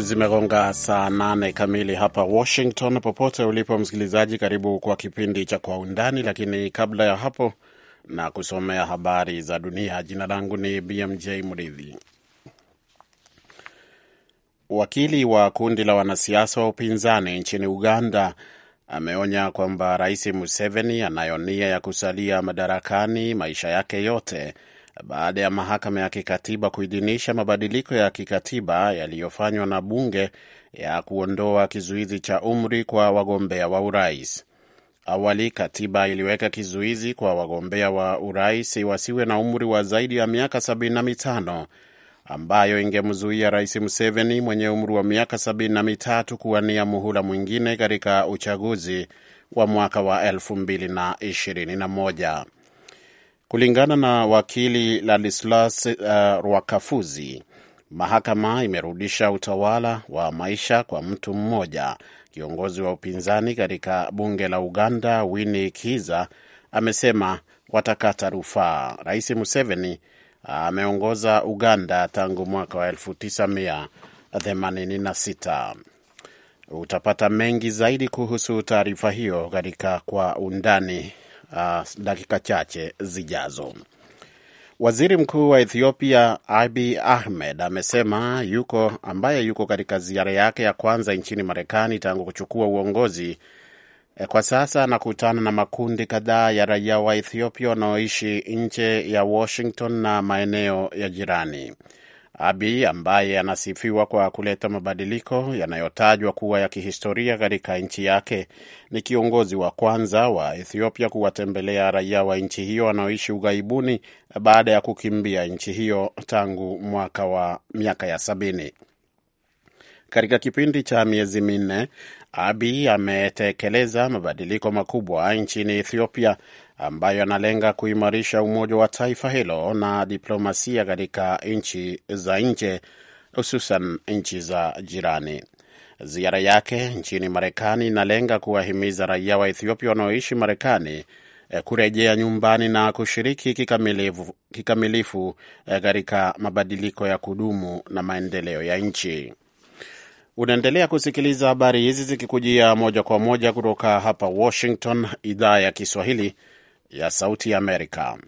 Zimegonga saa nane kamili hapa Washington. Popote ulipo msikilizaji, karibu kwa kipindi cha Kwa Undani, lakini kabla ya hapo na kusomea habari za dunia. Jina langu ni BMJ Mridhi. Wakili wa kundi la wanasiasa wa upinzani nchini Uganda ameonya kwamba Rais Museveni anayo nia ya kusalia madarakani maisha yake yote baada ya mahakama ya kikatiba kuidhinisha mabadiliko ya kikatiba yaliyofanywa na bunge ya kuondoa kizuizi cha umri kwa wagombea wa urais. Awali katiba iliweka kizuizi kwa wagombea wa urais wasiwe na umri wa zaidi ya miaka 75 ambayo ingemzuia Rais Museveni mwenye umri wa miaka 73 kuwania muhula mwingine katika uchaguzi wa mwaka wa 2021. Kulingana na wakili Ladislas uh, Rwakafuzi, mahakama imerudisha utawala wa maisha kwa mtu mmoja. Kiongozi wa upinzani katika bunge la Uganda Winnie Kiza amesema watakata rufaa. Rais Museveni uh, ameongoza uh, Uganda tangu mwaka wa 1986. Utapata mengi zaidi kuhusu taarifa hiyo katika Kwa Undani uh, dakika chache zijazo. Waziri Mkuu wa Ethiopia abi Ahmed amesema yuko ambaye yuko katika ziara yake ya kwanza nchini Marekani tangu kuchukua uongozi eh, kwa sasa anakutana na makundi kadhaa ya raia wa Ethiopia wanaoishi nje ya Washington na maeneo ya jirani. Abi ambaye anasifiwa kwa kuleta mabadiliko yanayotajwa kuwa ya kihistoria katika nchi yake ni kiongozi wa kwanza wa Ethiopia kuwatembelea raia wa nchi hiyo wanaoishi ughaibuni baada ya kukimbia nchi hiyo tangu mwaka wa miaka ya sabini. Katika kipindi cha miezi minne, abi ametekeleza mabadiliko makubwa nchini Ethiopia ambayo analenga kuimarisha umoja wa taifa hilo na diplomasia katika nchi za nje, hususan nchi za jirani. Ziara yake nchini Marekani inalenga kuwahimiza raia wa Ethiopia wanaoishi Marekani eh, kurejea nyumbani na kushiriki kikamilifu, kikamilifu eh, katika mabadiliko ya kudumu na maendeleo ya nchi. Unaendelea kusikiliza habari hizi zikikujia moja kwa moja kutoka hapa Washington, idhaa ya Kiswahili ya Sauti ya Amerika.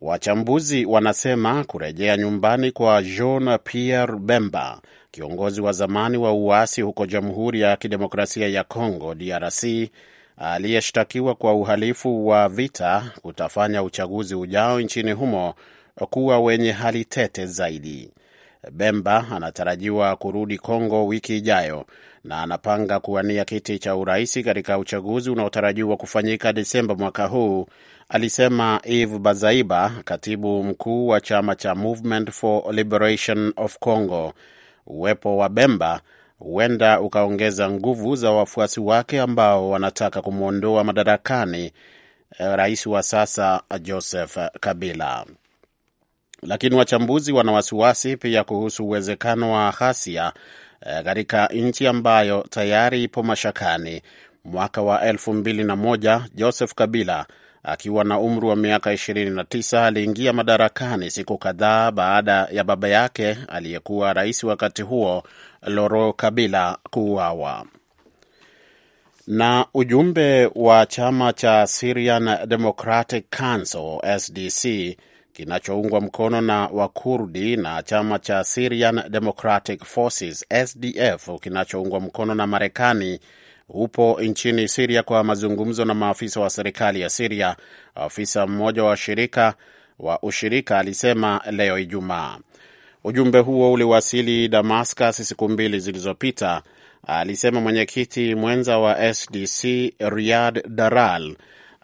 Wachambuzi wanasema kurejea nyumbani kwa Jean Pierre Bemba, kiongozi wa zamani wa uasi huko Jamhuri ya Kidemokrasia ya Kongo DRC, aliyeshtakiwa kwa uhalifu wa vita, kutafanya uchaguzi ujao nchini humo kuwa wenye hali tete zaidi. Bemba anatarajiwa kurudi Kongo wiki ijayo na anapanga kuwania kiti cha uraisi katika uchaguzi unaotarajiwa kufanyika Desemba mwaka huu, alisema Eve Bazaiba, katibu mkuu wa chama cha Movement for Liberation of Congo. Uwepo wa Bemba huenda ukaongeza nguvu za wafuasi wake ambao wanataka kumwondoa madarakani eh, rais wa sasa Joseph Kabila lakini wachambuzi wana wasiwasi pia kuhusu uwezekano wa ghasia eh, katika nchi ambayo tayari ipo mashakani. Mwaka wa elfu mbili na moja Joseph Kabila akiwa na umri wa miaka 29 aliingia madarakani siku kadhaa baada ya baba yake aliyekuwa rais wakati huo Loro Kabila kuuawa. Na ujumbe wa chama cha Syrian Democratic Council SDC kinachoungwa mkono na Wakurdi na chama cha Syrian Democratic Forces SDF kinachoungwa mkono na Marekani upo nchini Siria kwa mazungumzo na maafisa wa serikali ya Siria, afisa mmoja wa shirika wa ushirika alisema leo Ijumaa. Ujumbe huo uliwasili Damascus siku mbili zilizopita, alisema mwenyekiti mwenza wa SDC Riyad Daral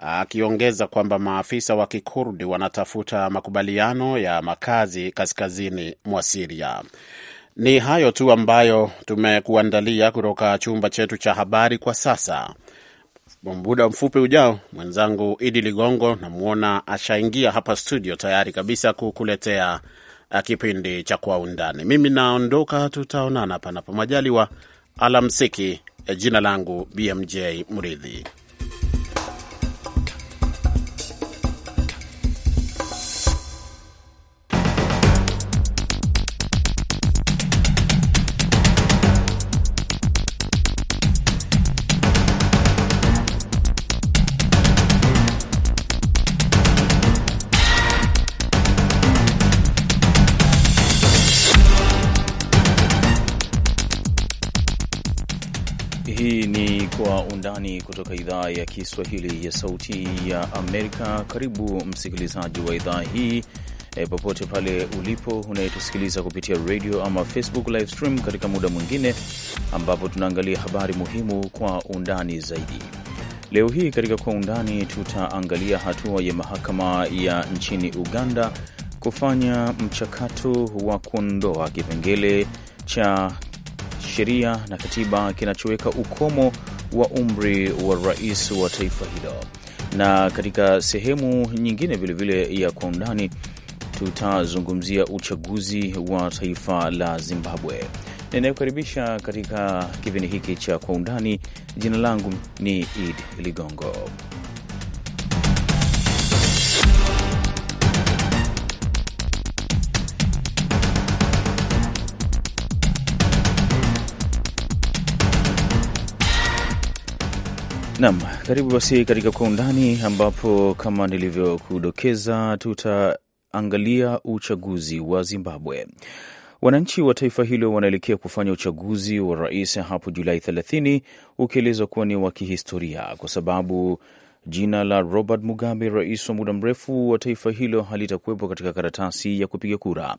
akiongeza kwamba maafisa wa Kikurdi wanatafuta makubaliano ya makazi kaskazini mwa Siria. Ni hayo tu ambayo tumekuandalia kutoka chumba chetu cha habari kwa sasa. Muda mfupi ujao, mwenzangu Idi Ligongo namwona ashaingia hapa studio tayari kabisa kukuletea uh, kipindi cha Kwa Undani. Mimi naondoka, tutaonana panapo majaliwa. Alamsiki. Eh, jina langu BMJ Mridhi. undani kutoka idhaa ya Kiswahili ya Sauti ya Amerika. Karibu msikilizaji wa idhaa hii e, popote pale ulipo unayetusikiliza kupitia radio ama Facebook live stream, katika muda mwingine ambapo tunaangalia habari muhimu kwa undani zaidi. Leo hii katika kwa undani tutaangalia hatua ya mahakama ya nchini Uganda kufanya mchakato wa kuondoa kipengele cha sheria na katiba kinachoweka ukomo wa umri wa rais wa taifa hilo. Na katika sehemu nyingine vilevile ya kwa undani tutazungumzia uchaguzi wa taifa la Zimbabwe. Ninayokaribisha katika kipindi hiki cha kwa undani, jina langu ni id Ligongo. nam karibu basi katika Kwa Undani, ambapo kama nilivyokudokeza tutaangalia uchaguzi wa Zimbabwe. Wananchi wa taifa hilo wanaelekea kufanya uchaguzi wa rais hapo Julai 30 ukielezwa kuwa ni wa kihistoria kwa sababu Jina la Robert Mugabe, rais wa muda mrefu wa taifa hilo, halitakuwepo katika karatasi ya kupiga kura.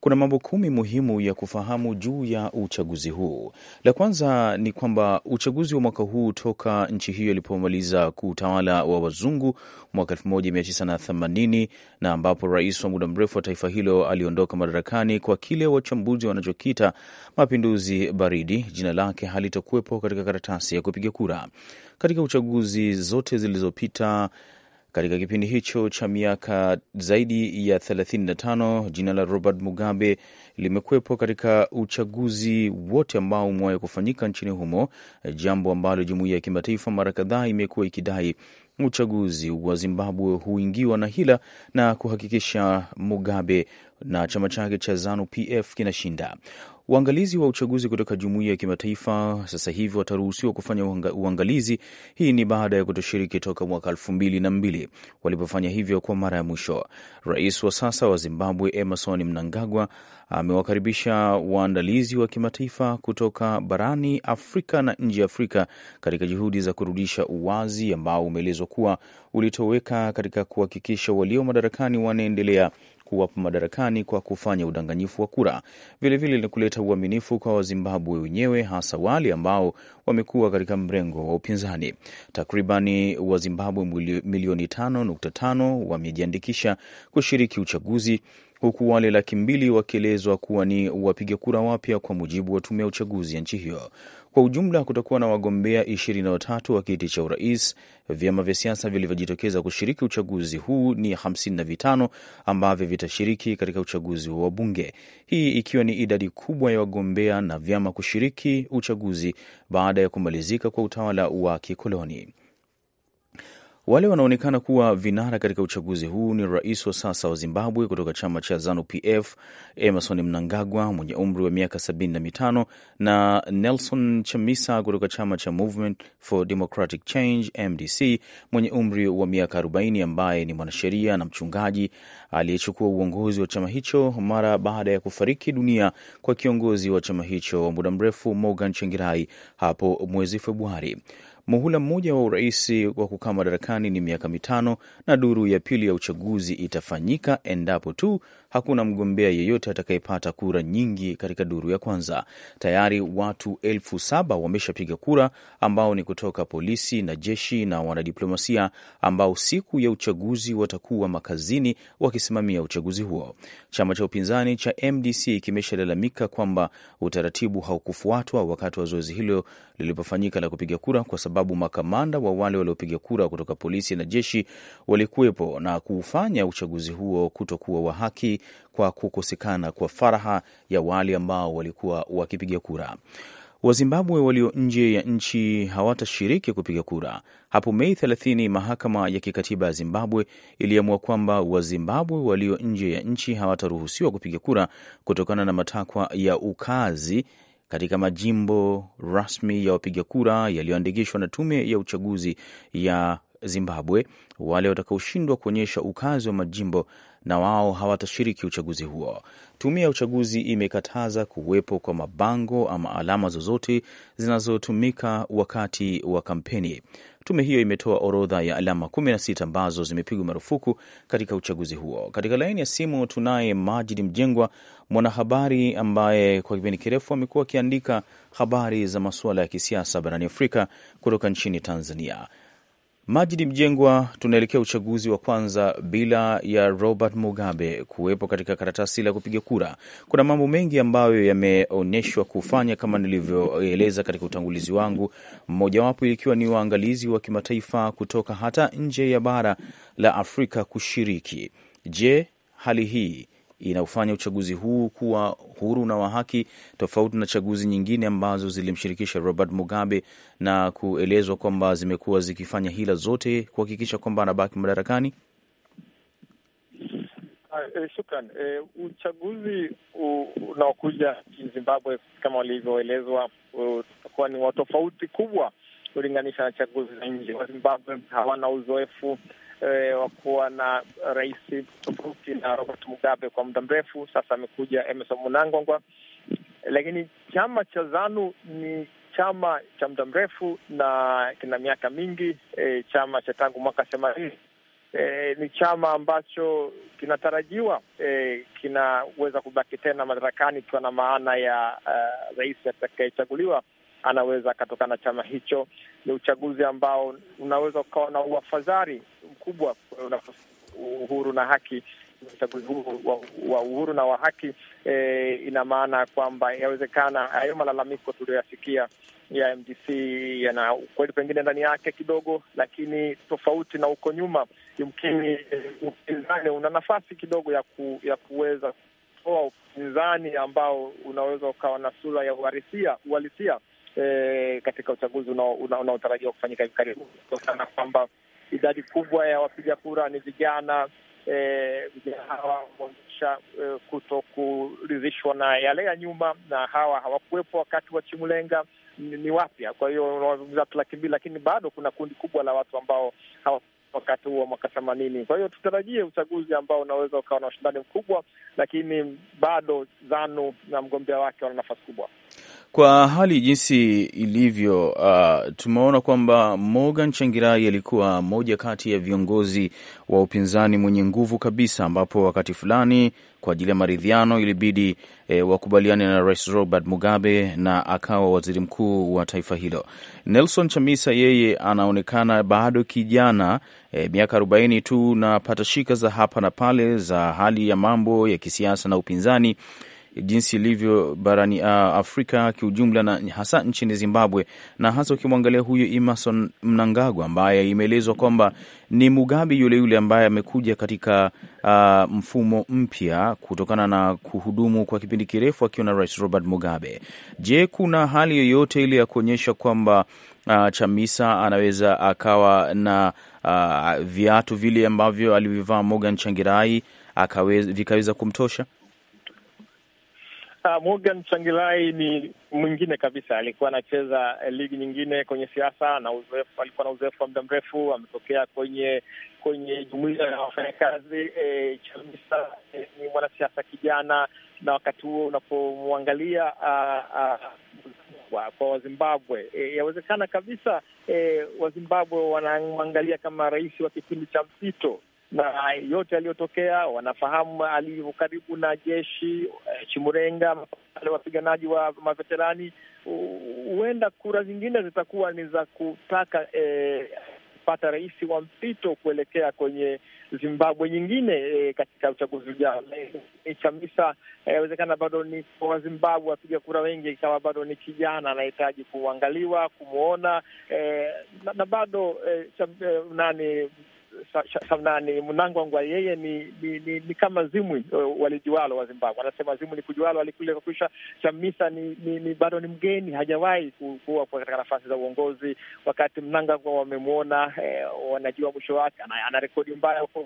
Kuna mambo kumi muhimu ya kufahamu juu ya uchaguzi huu. La kwanza ni kwamba uchaguzi wa mwaka huu toka nchi hiyo ilipomaliza kutawala wa wazungu mwaka 1980 na ambapo rais wa muda mrefu wa taifa hilo aliondoka madarakani kwa kile wachambuzi wanachokita mapinduzi baridi, jina lake halitakuwepo katika karatasi ya kupiga kura katika uchaguzi zote zilizopita katika kipindi hicho cha miaka zaidi ya 35 jina la Robert Mugabe limekwepwa katika uchaguzi wote ambao umewahi kufanyika nchini humo, jambo ambalo jumuiya ya kimataifa mara kadhaa imekuwa ikidai uchaguzi wa Zimbabwe huingiwa na hila na kuhakikisha Mugabe na chama chake cha Zanu PF kinashinda. Waangalizi wa uchaguzi kutoka jumuiya ya kimataifa sasa hivi wataruhusiwa kufanya uangalizi. Hii ni baada ya kutoshiriki toka mwaka elfu mbili na mbili walipofanya hivyo kwa mara ya mwisho. Rais wa sasa wa Zimbabwe Emerson Mnangagwa amewakaribisha waandalizi wa kimataifa kutoka barani Afrika na nje ya Afrika katika juhudi za kurudisha uwazi ambao umeelezwa kuwa ulitoweka katika kuhakikisha walio madarakani wanaendelea kuwapo madarakani kwa kufanya udanganyifu wa kura, vilevile ni kuleta uaminifu kwa Wazimbabwe wenyewe, hasa wale ambao wamekuwa katika mrengo wa upinzani. Takribani Wazimbabwe milioni 5.5 wamejiandikisha kushiriki uchaguzi huku wale laki mbili wakielezwa kuwa ni wapiga kura wapya, kwa mujibu wa tume ya uchaguzi ya nchi hiyo. Kwa ujumla kutakuwa na wagombea 23 wa kiti cha urais. Vyama vya siasa vilivyojitokeza kushiriki uchaguzi huu ni 55 ambavyo vitashiriki katika uchaguzi wa bunge hii ikiwa ni idadi kubwa ya wagombea na vyama kushiriki uchaguzi baada ya kumalizika kwa utawala wa kikoloni. Wale wanaonekana kuwa vinara katika uchaguzi huu ni rais wa sasa wa Zimbabwe kutoka chama cha ZANU-PF Emerson Mnangagwa mwenye umri wa miaka 75 na Nelson Chamisa kutoka chama cha Movement for Democratic Change MDC mwenye umri wa miaka 40 ambaye ni mwanasheria na mchungaji aliyechukua uongozi wa chama hicho mara baada ya kufariki dunia kwa kiongozi wa chama hicho wa muda mrefu Morgan Chengirai hapo mwezi Februari. Muhula mmoja wa urais wa kukaa madarakani ni miaka mitano, na duru ya pili ya uchaguzi itafanyika endapo tu hakuna mgombea yeyote atakayepata kura nyingi katika duru ya kwanza. Tayari watu elfu saba wameshapiga kura ambao ni kutoka polisi na jeshi na wanadiplomasia ambao siku ya uchaguzi watakuwa makazini wakisimamia uchaguzi huo. Chama cha upinzani cha MDC kimeshalalamika kwamba utaratibu haukufuatwa wakati wa zoezi hilo lilipofanyika la kupiga kura, kwa sababu makamanda wa wale waliopiga kura kutoka polisi na jeshi walikuwepo na kuufanya uchaguzi huo kutokuwa wa haki kwa kukosekana kwa faraha ya wale ambao walikuwa wakipiga kura. Wazimbabwe walio nje ya nchi hawatashiriki kupiga kura. Hapo Mei 30 mahakama ya kikatiba ya Zimbabwe iliamua kwamba Wazimbabwe walio nje ya nchi hawataruhusiwa kupiga kura kutokana na matakwa ya ukazi katika majimbo rasmi ya wapiga kura yaliyoandikishwa na tume ya uchaguzi ya Zimbabwe. Wale watakaoshindwa kuonyesha ukazi wa majimbo na wao hawatashiriki uchaguzi huo. Tume ya uchaguzi imekataza kuwepo kwa mabango ama alama zozote zinazotumika wakati wa kampeni. Tume hiyo imetoa orodha ya alama 16 ambazo zimepigwa marufuku katika uchaguzi huo. Katika laini ya simu tunaye Majid Mjengwa, mwanahabari ambaye kwa kipindi kirefu amekuwa akiandika habari za masuala ya kisiasa barani Afrika kutoka nchini Tanzania. Majidi Mjengwa, tunaelekea uchaguzi wa kwanza bila ya Robert Mugabe kuwepo katika karatasi la kupiga kura. Kuna mambo mengi ambayo yameonyeshwa kufanya kama nilivyoeleza katika utangulizi wangu, mmojawapo ikiwa ni waangalizi wa kimataifa kutoka hata nje ya bara la Afrika kushiriki. Je, hali hii inaufanya uchaguzi huu kuwa huru na wa haki, tofauti na chaguzi nyingine ambazo zilimshirikisha Robert Mugabe na kuelezwa kwamba zimekuwa zikifanya hila zote kuhakikisha kwamba anabaki madarakani. E, shukran. E, uchaguzi unaokuja nchini Zimbabwe kama walivyoelezwa utakuwa ni wa tofauti kubwa kulinganisha na chaguzi za nje. Wazimbabwe hawana uzoefu e, wa kuwa na rais tofauti na Robert Mugabe kwa muda mrefu sasa. Amekuja Emerson Mnangagwa, lakini chama cha ZANU ni chama cha muda mrefu na kina miaka mingi e, chama cha tangu mwaka themanini. E, ni chama ambacho kinatarajiwa e, kinaweza kubaki tena madarakani ikiwa na maana ya uh, rais atakayechaguliwa anaweza akatoka na chama hicho. Ni uchaguzi ambao unaweza ukawa na uafadhari mkubwa uhuru na haki uchaguzi huu wa, wa uhuru na wa haki e, ina maana kwamba inawezekana hayo malalamiko tuliyoyasikia ya MDC yana ukweli pengine ndani yake kidogo, lakini tofauti na huko nyuma, yumkini e, upinzani una nafasi kidogo ya, ku, ya kuweza kutoa upinzani ambao unaweza ukawa na sura ya uhalisia e, katika uchaguzi unaotarajiwa una kufanyika hivi karibuni, kutokana kwamba idadi kubwa ya wapiga kura ni vijana. Eh, vijana hawa waonyesha e, eh, kuto kuridhishwa na yale ya nyuma, na hawa hawakuwepo wakati wa Chimulenga ni, ni wapya. Kwa hiyo unawazungumza laki mbili, lakini bado kuna kundi kubwa la watu ambao hawa wakati huo mwaka themanini. Kwa hiyo tutarajie uchaguzi ambao unaweza ukawa na ushindani mkubwa, lakini bado ZANU na mgombea wake wana nafasi kubwa. Kwa hali jinsi ilivyo, uh, tumeona kwamba Morgan Changirai alikuwa moja kati ya viongozi wa upinzani mwenye nguvu kabisa, ambapo wakati fulani kwa ajili ya maridhiano ilibidi eh, wakubaliane na Rais Robert Mugabe na akawa waziri mkuu wa taifa hilo. Nelson Chamisa yeye anaonekana bado kijana, eh, miaka arobaini tu na patashika za hapa na pale za hali ya mambo ya kisiasa na upinzani jinsi ilivyo barani uh, Afrika kiujumla na hasa nchini Zimbabwe, na hasa ukimwangalia huyu Emerson Mnangagwa ambaye imeelezwa kwamba ni Mugabe yule yule ambaye amekuja katika uh, mfumo mpya kutokana na kuhudumu kwa kipindi kirefu akiwa na Rais Robert Mugabe. Je, kuna hali yoyote ile ya kuonyesha kwamba uh, Chamisa anaweza akawa na uh, viatu vile ambavyo alivivaa Morgan Changirai akaweza, vikaweza kumtosha? Uh, Morgan Tsvangirai ni mwingine kabisa, alikuwa anacheza eh, ligi nyingine kwenye siasa na uzoefu, alikuwa na uzoefu wa muda mrefu, ametokea kwenye kwenye jumuiya ya wafanyakazi eh, Chamisa Eh, ni mwanasiasa kijana, na wakati huo unapomwangalia ah, ah, kwa Wazimbabwe e, yawezekana kabisa e, Wazimbabwe wanamwangalia kama rais wa kipindi cha mpito na yote yaliyotokea, wanafahamu alivyo karibu na jeshi eh, Chimurenga, wale wapiganaji wa maveterani. Huenda kura zingine zitakuwa ni za kutaka eh, pata rais wa mpito kuelekea kwenye Zimbabwe nyingine e, katika uchaguzi ujao. Eh, chamisa inawezekana e, bado ni Wazimbabwe wapiga kura wengi, ikawa bado ni kijana anahitaji kuangaliwa kumwona e, na, na bado e, cham, e, nani Shabnani Mnangagwa yeye ni, ni, ni, ni kama Zimwi e, walijualo wa Zimbabwe. Anasema Zimwi likujualo alikuja kuisha. Chamisa ni, ni, ni bado ni mgeni, hajawahi kuwa katika nafasi za uongozi, wakati Mnangagwa wamemwona eh, wanajua mwisho wake, ana rekodi mbaya huko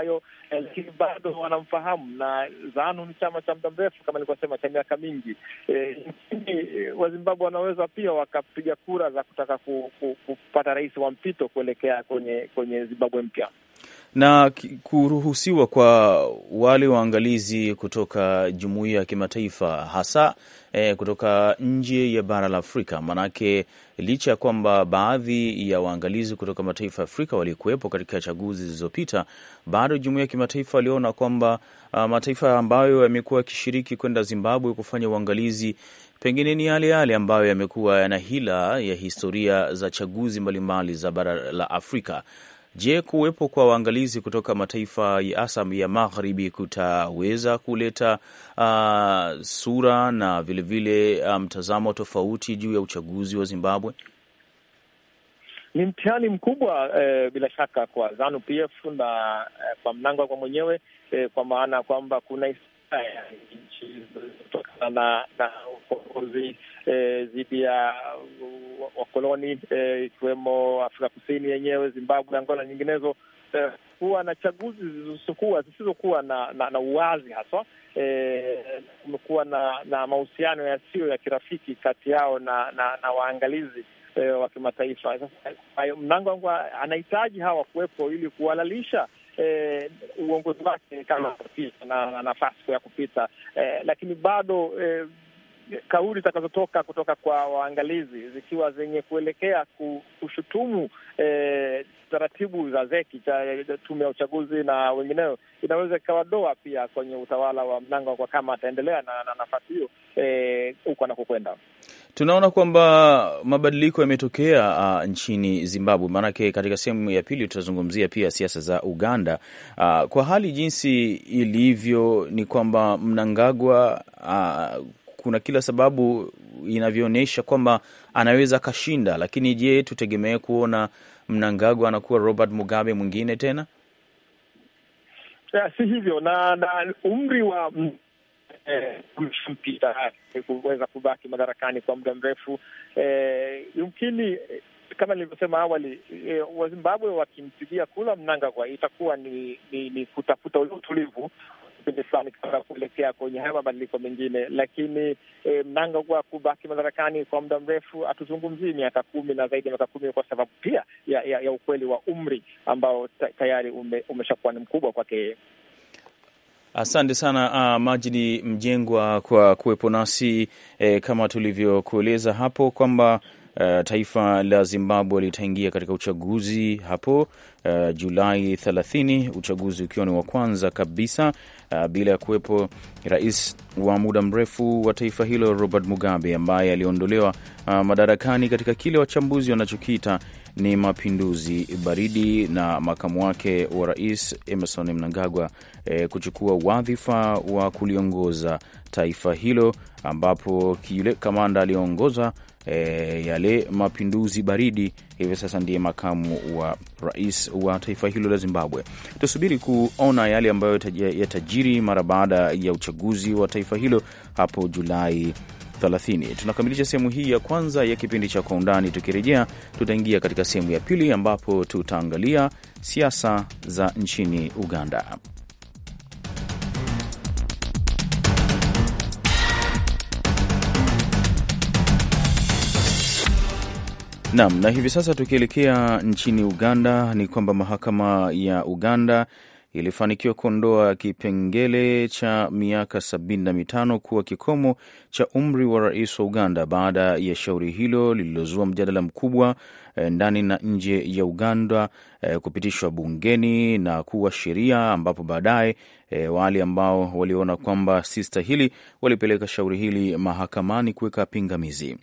hiyo, e, lakini eh, bado wanamfahamu, na ZANU ni chama cha muda mrefu kama nilivyosema, cha miaka mingi nchini e, eh, Wazimbabwe wanaweza pia wakapiga kura za kutaka ku, ku, kupata rais wa mpito kuelekea kwenye kwenye Zimbabwe mpya na kuruhusiwa kwa wale waangalizi kutoka jumuiya ya kimataifa hasa e, kutoka nje ya bara la Afrika. Maanake licha ya kwamba baadhi ya waangalizi kutoka mataifa ya Afrika walikuwepo katika chaguzi zilizopita, bado jumuiya ya kimataifa waliona kwamba ah, mataifa ambayo yamekuwa yakishiriki kwenda Zimbabwe kufanya uangalizi pengine ni yale yale ambayo yamekuwa yana hila ya historia za chaguzi mbalimbali za bara la Afrika. Je, kuwepo kwa waangalizi kutoka mataifa ya ASAM ya magharibi kutaweza kuleta uh, sura na vilevile ah, mtazamo um, tofauti juu ya uchaguzi wa Zimbabwe? Ni mtihani mkubwa eh, bila shaka kwa ZANU PF na eh, kwa mnango kwa mwenyewe eh, kwa maana kwamba kuna hisia ya nchi kutokana na ukombozi eh, dhidi ya wakoloni eh, ikiwemo Afrika Kusini yenyewe, Zimbabwe, Angola nyinginezo kuwa eh, na chaguzi zilizokuwa zisizokuwa na, na, na uwazi haswa. Kumekuwa e, na, na mahusiano yasiyo ya kirafiki kati yao na, na, na waangalizi e, wa kimataifa. Sasa wangu anahitaji hawa kuwepo ili kuhalalisha E, uongozi wake kama kupita na nafasi ya kupita e, lakini bado e, kauli zitakazotoka kutoka kwa waangalizi zikiwa zenye kuelekea kushutumu eh, taratibu za zeki cha tume ya uchaguzi na wengineo, inaweza ikawadoa pia kwenye utawala wa mlango kwa kama ataendelea na, na nafasi hiyo eh, huko e, anakokwenda. Tunaona kwamba mabadiliko yametokea uh, nchini Zimbabwe, maanake katika sehemu ya pili tutazungumzia pia siasa za Uganda. Uh, kwa hali jinsi ilivyo ni kwamba Mnangagwa uh, kuna kila sababu inavyoonyesha kwamba anaweza akashinda, lakini je, tutegemee kuona Mnangagwa anakuwa Robert Mugabe mwingine tena? Si hivyo, na na umri wa eh, mpita eh, kuweza kubaki madarakani kwa muda mrefu. Yumkini eh, kama nilivyosema awali, eh, Wazimbabwe wakimpigia kula Mnangagwa itakuwa ni, ni, ni kutafuta ule utulivu kipindi fulani kabla ya kuelekea kwenye haya mabadiliko mengine. Lakini e, eh, mnanga wa kubaki madarakani kwa muda mrefu hatuzungumzii miaka kumi na zaidi ya miaka kumi kwa sababu pia ya, ya, ya ukweli wa umri ambao tayari ume, umeshakuwa ni mkubwa kwake yeye. Asante sana uh, Majidi Mjengwa kwa kuwepo nasi eh, kama tulivyokueleza hapo kwamba Eh, taifa la Zimbabwe litaingia katika uchaguzi hapo uh, Julai 30, uchaguzi ukiwa ni wa kwanza kabisa uh, bila ya kuwepo rais wa muda mrefu wa taifa hilo Robert Mugabe ambaye aliondolewa uh, madarakani katika kile wachambuzi wanachokiita ni mapinduzi baridi na makamu wake wa rais Emerson Mnangagwa eh, kuchukua wadhifa wa kuliongoza taifa hilo ambapo kile kamanda aliyoongoza e, yale mapinduzi baridi, hivi sasa ndiye makamu wa rais wa taifa hilo la Zimbabwe. Tusubiri kuona yale ambayo yatajiri mara baada ya uchaguzi wa taifa hilo hapo Julai 30. Tunakamilisha sehemu hii ya kwanza ya kipindi cha Kwa Undani. Tukirejea tutaingia katika sehemu ya pili ambapo tutaangalia siasa za nchini Uganda. Naam, na hivi sasa tukielekea nchini Uganda ni kwamba mahakama ya Uganda ilifanikiwa kuondoa kipengele cha miaka sabini na mitano kuwa kikomo cha umri wa rais wa Uganda baada ya shauri hilo lililozua mjadala mkubwa eh, ndani na nje ya Uganda eh, kupitishwa bungeni na kuwa sheria, ambapo baadaye eh, wale ambao waliona kwamba si stahili walipeleka shauri hili mahakamani kuweka pingamizi.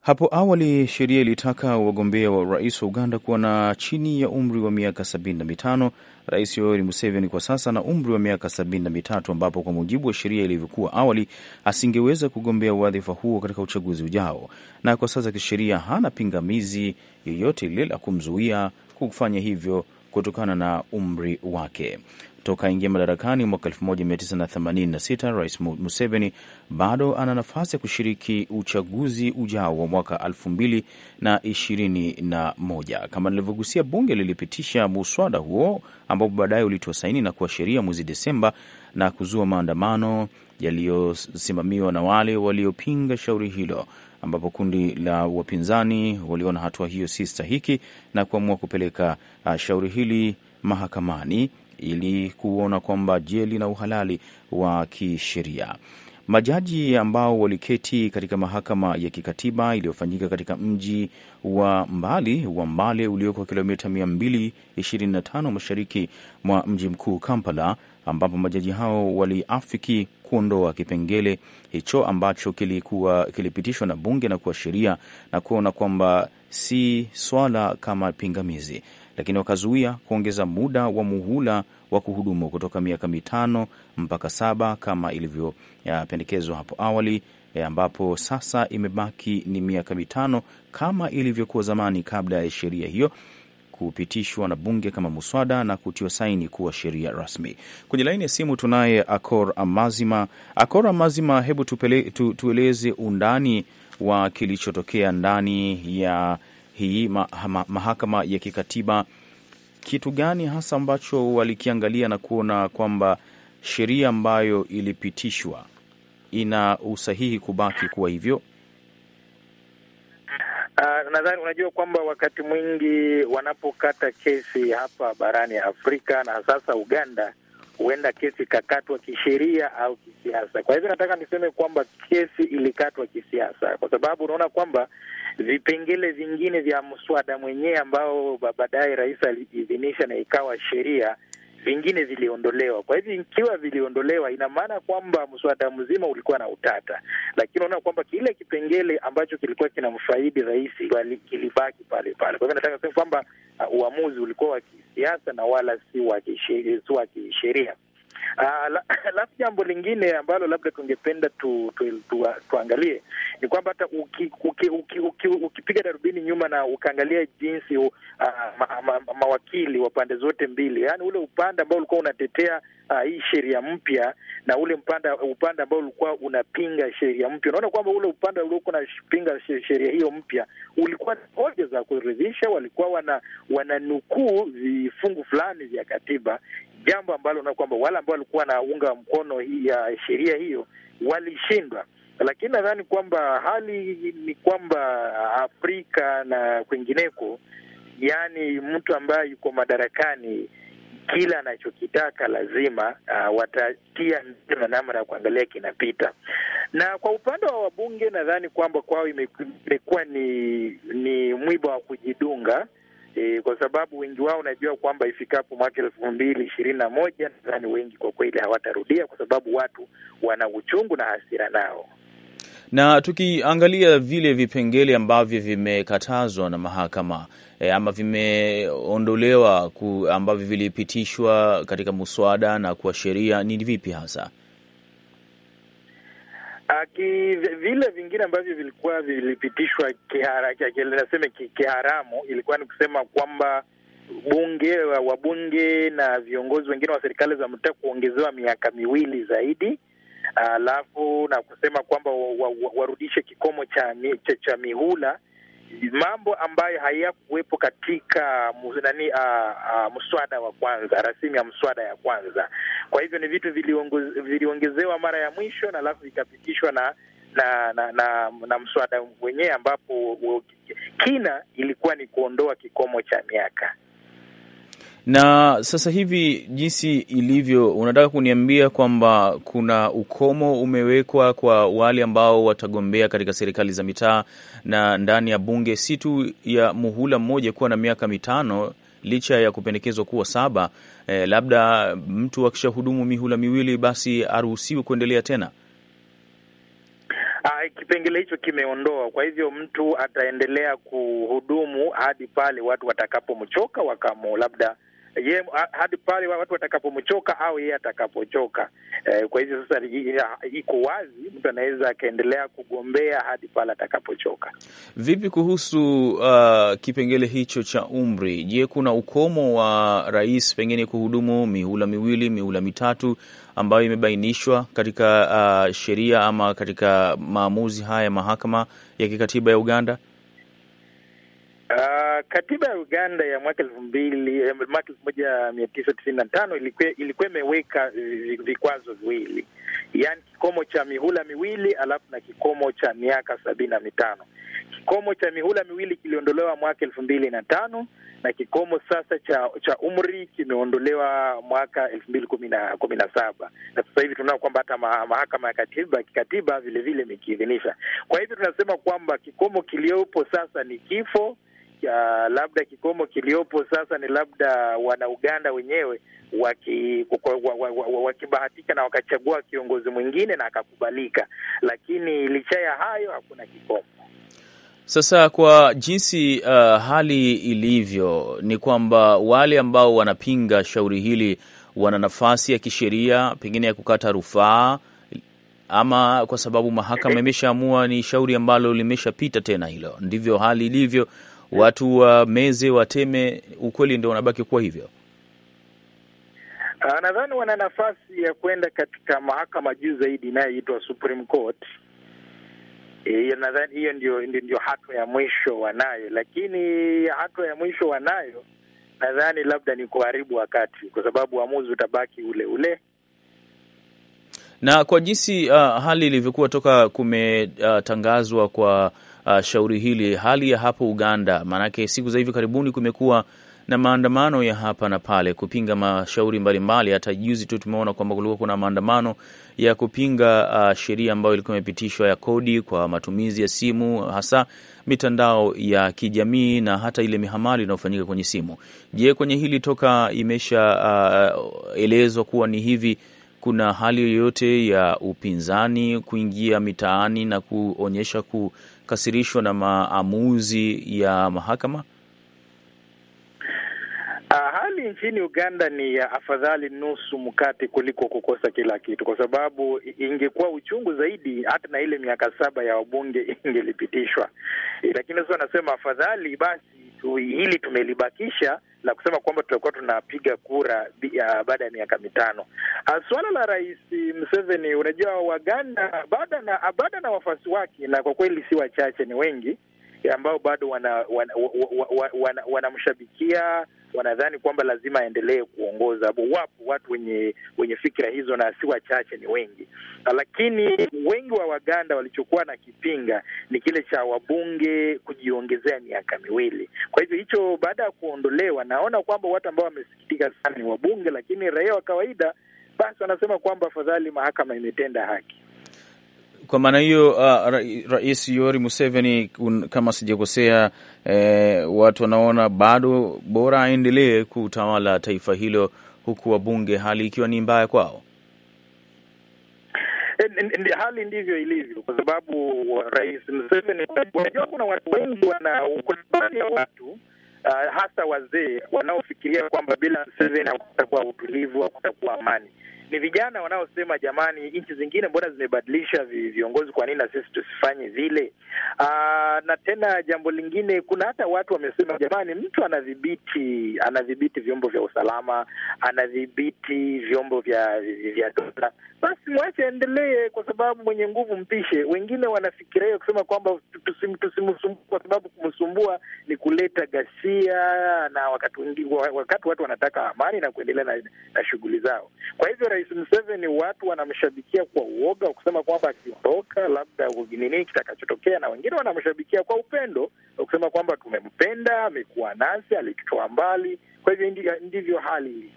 Hapo awali sheria ilitaka wagombea wa urais wa Uganda kuwa na chini ya umri wa miaka sabini na mitano. Rais Yoweri Museveni kwa sasa na umri wa miaka sabini na mitatu, ambapo kwa mujibu wa sheria ilivyokuwa awali asingeweza kugombea wadhifa huo katika uchaguzi ujao, na kwa sasa kisheria hana pingamizi yoyote ile la kumzuia kufanya hivyo kutokana na umri wake toka aingia madarakani mwaka 1986 Rais Museveni bado ana nafasi ya kushiriki uchaguzi ujao wa mwaka 2021. Kama nilivyogusia, bunge lilipitisha muswada huo ambapo baadaye ulitoa saini na kuwa sheria mwezi Desemba na kuzua maandamano yaliyosimamiwa na wale waliopinga shauri hilo, ambapo kundi la wapinzani waliona hatua hiyo si stahiki na kuamua kupeleka uh, shauri hili mahakamani ili kuona kwamba je, lina uhalali wa kisheria. Majaji ambao waliketi katika mahakama ya kikatiba iliyofanyika katika mji wa mbali wa Mbale ulioko kilomita 225 mashariki mwa mji mkuu Kampala, ambapo majaji hao waliafiki kuondoa kipengele hicho ambacho kilikuwa kilipitishwa na bunge na kuwa sheria na kuona kwamba si swala kama pingamizi, lakini wakazuia kuongeza muda wa muhula wa kuhudumu kutoka miaka mitano mpaka saba kama ilivyopendekezwa hapo awali, eh, ambapo sasa imebaki ni miaka mitano kama ilivyokuwa zamani kabla ya sheria hiyo kupitishwa na bunge kama muswada na kutiwa saini kuwa sheria rasmi. Kwenye laini ya simu tunaye Akor Amazima. Akor Amazima, hebu tupele, tu, tueleze undani wa kilichotokea ndani ya hii mahakama ya kikatiba, kitu gani hasa ambacho walikiangalia na kuona kwamba sheria ambayo ilipitishwa ina usahihi kubaki kuwa hivyo? Uh, nadhani unajua kwamba wakati mwingi wanapokata kesi hapa barani Afrika na sasa Uganda huenda kesi ikakatwa kisheria au kisiasa. Kwa hivyo nataka niseme kwamba kesi ilikatwa kisiasa, kwa sababu unaona kwamba vipengele vingine vya mswada mwenyewe ambao baadaye rais aliidhinisha na ikawa sheria vingine viliondolewa. Kwa hivyo ikiwa viliondolewa, ina maana kwamba mswada mzima ulikuwa na utata, lakini unaona kwamba kile kipengele ambacho kilikuwa kinamfaidi rais kilibaki pale pale. Kwa hivyo nataka kusema kwamba uh, uamuzi ulikuwa wa kisiasa na wala si wa kisheria. Alafu ah, jambo lingine ambalo labda tungependa tu, tu, tu, tu, tuangalie ni kwamba hata ukipiga uki, uki, uki, uki darubini nyuma na ukaangalia jinsi uh, ma, ma, ma, mawakili wa pande zote mbili, yaani ule upande ambao ulikuwa unatetea uh, hii sheria mpya na ule mpanda, upande ambao ulikuwa unapinga sheria mpya, unaona kwamba ule upande uliokuwa unapinga sheria hiyo mpya ulikuwa na hoja za kuridhisha, walikuwa wana wananukuu vifungu fulani vya katiba jambo ambalo na kwamba wale ambao walikuwa wanaunga mkono hii ya sheria hiyo walishindwa, lakini nadhani kwamba hali ni kwamba Afrika na kwingineko, yani mtu ambaye yuko madarakani kila anachokitaka lazima uh, watatia na namna ya kuangalia kinapita. Na kwa upande wa wabunge, nadhani kwamba kwao imekuwa ni, ni mwiba wa kujidunga e, kwa sababu wengi wao najua kwamba ifikapo mwaka elfu mbili ishirini na moja nadhani wengi kwa kweli hawatarudia kwa sababu watu wana uchungu na hasira nao na tukiangalia vile vipengele ambavyo vimekatazwa na mahakama e, ama vimeondolewa ambavyo vilipitishwa katika muswada na kuwa sheria ni vipi hasa? Aki, vile vingine ambavyo vilikuwa vilipitishwa naseme kiharamu ilikuwa ni kusema kwamba bunge wabunge na viongozi wengine wa serikali za mtaa kuongezewa miaka miwili zaidi, alafu na kusema kwamba warudishe kikomo cha, cha, cha mihula mambo ambayo hayakuwepo katika nani, uh, uh, mswada wa kwanza rasimu ya mswada ya kwanza. Kwa hivyo ni vitu viliongezewa mara ya mwisho na alafu ikapitishwa na na na, na, na mswada wenyewe ambapo kina ilikuwa ni kuondoa kikomo cha miaka na sasa hivi jinsi ilivyo, unataka kuniambia kwamba kuna ukomo umewekwa kwa wale ambao watagombea katika serikali za mitaa na ndani ya bunge, si tu ya muhula mmoja kuwa na miaka mitano licha ya kupendekezwa kuwa saba. Eh, labda mtu akishahudumu mihula miwili basi aruhusiwi kuendelea tena. Uh, kipengele hicho kimeondoa. Kwa hivyo mtu ataendelea kuhudumu hadi pale watu watakapomchoka wakamo labda ye hadi pale watu watakapomchoka au yeye atakapochoka. Eh, kwa hivyo sasa iko wazi, mtu anaweza akaendelea kugombea hadi pale atakapochoka. Vipi kuhusu uh, kipengele hicho cha umri? Je, kuna ukomo wa rais pengine kuhudumu mihula miwili, mihula mitatu ambayo imebainishwa katika uh, sheria ama katika maamuzi haya ya mahakama ya kikatiba ya Uganda? Uh, katiba ya Uganda ya mwaka elfu mbili eh, mwaka elfu moja mia tisa tisini na tano ilikuwa imeweka eh, vikwazo viwili, yaani kikomo cha mihula miwili alafu na kikomo cha miaka sabini na mitano. Kikomo cha mihula miwili kiliondolewa mwaka elfu mbili na tano na kikomo sasa cha cha umri kimeondolewa mwaka elfu mbili kumi na saba na sasa hivi tunaona kwamba hata mahakama ya katiba kikatiba vilevile imekiidhinisha. Kwa hivyo tunasema kwamba kikomo kiliyopo sasa ni kifo ya labda kikomo kiliyopo sasa ni labda Wanauganda wenyewe wakibahatika waki, waki na wakachagua kiongozi mwingine na akakubalika, lakini licha ya hayo hakuna kikomo. Sasa kwa jinsi uh, hali ilivyo ni kwamba wale ambao wanapinga shauri hili wana nafasi ya kisheria pengine ya kukata rufaa, ama kwa sababu mahakama imeshaamua ni shauri ambalo limeshapita, tena hilo ndivyo hali ilivyo. Watu wameze, uh, wateme, ukweli ndio unabaki kuwa hivyo. Uh, nadhani wana nafasi ya kwenda katika mahakama juu zaidi inayoitwa Supreme Court Eh, hiyo nadhani hiyo ndio, ndio, ndio hatua ya mwisho wanayo, lakini hatua ya mwisho wanayo nadhani labda ni kuharibu wakati, kwa sababu uamuzi utabaki ule ule na kwa jinsi uh, hali ilivyokuwa toka kumetangazwa uh, kwa uh, shauri hili, hali ya hapo Uganda, maanake siku za hivi karibuni kumekuwa na maandamano ya hapa na pale kupinga mashauri mbalimbali. Hata juzi tu tumeona kwamba kulikuwa kuna maandamano ya kupinga uh, sheria ambayo ilikuwa imepitishwa ya kodi kwa matumizi ya simu, hasa mitandao ya kijamii na hata ile mihamali inayofanyika kwenye simu. Je, kwenye hili toka imeshaelezwa uh, kuwa ni hivi, kuna hali yoyote ya upinzani kuingia mitaani na kuonyesha kukasirishwa na maamuzi ya mahakama? Ah, hali nchini Uganda ni ya afadhali nusu mkate kuliko kukosa kila kitu, kwa sababu ingekuwa uchungu zaidi hata na ile miaka saba ya wabunge ingelipitishwa. Eh, lakini sasa wanasema afadhali basi tu, hili tumelibakisha na kusema kwamba tutakuwa tunapiga kura baada ya miaka mitano. Ah, Suala la Rais Museveni, unajua Waganda baada na baada na wafuasi wake, na kwa kweli si wachache, ni wengi ambao bado wanamshabikia wana, wana, wana, wana wanadhani kwamba lazima aendelee kuongoza. Wapo watu wenye wenye fikira hizo na si wachache, ni wengi, lakini wengi wa Waganda walichokuwa na kipinga ni kile cha wabunge kujiongezea miaka miwili. Kwa hivyo hicho baada ya kuondolewa, naona kwamba watu ambao wamesikitika sana ni wabunge, lakini raia wa kawaida basi wanasema kwamba afadhali mahakama imetenda haki. Kwa maana hiyo uh, Rais Yoweri Museveni un, kama sijakosea eh, watu wanaona bado bora aendelee kutawala taifa hilo huku wabunge hali ikiwa ni mbaya kwao. Eh, hali ndivyo ilivyo, kwa sababu Rais Museveni, unajua kuna watu wengi, kuna baadhi ya watu ah, hasa wazee wanaofikiria kwamba bila Museveni hakutakuwa utulivu, hakutakuwa amani ni vijana wanaosema jamani, nchi zingine mbona zimebadilisha viongozi, kwa nini na sisi tusifanye vile? Ah, na tena jambo lingine, kuna hata watu wamesema jamani, mtu anadhibiti anadhibiti vyombo vya usalama, anadhibiti vyombo vya vya dola, basi mwache aendelee, kwa sababu mwenye nguvu mpishe. Wengine wanafikiria kusema kwamba tusimsumbua, kwa sababu kumsumbua ni kuleta ghasia, na wakati wakati watu wanataka amani na kuendelea na, na shughuli zao. Kwa hivyo Rais Mseveni watu wanamshabikia kwa uoga wakusema kusema kwamba akiondoka labda nini kitakachotokea, na wengine wanamshabikia kwa upendo wakusema kusema kwamba tumempenda, amekuwa nasi, alitutoa mbali. Kwa hivyo ndivyo, ndivyo hali ilivyo.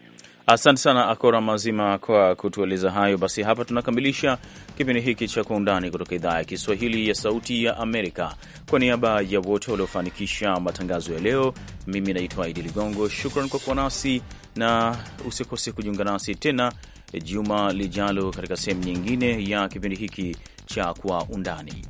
Asante sana Akora Mazima kwa kutueleza hayo. Basi hapa tunakamilisha kipindi hiki cha Kwa Undani kutoka idhaa ya Kiswahili ya Sauti ya Amerika. Kwa niaba ya wote waliofanikisha matangazo ya leo, mimi naitwa Idi Ligongo. Shukran kwa kuwa nasi na usikose kujiunga nasi tena juma lijalo katika sehemu nyingine ya kipindi hiki cha Kwa Undani.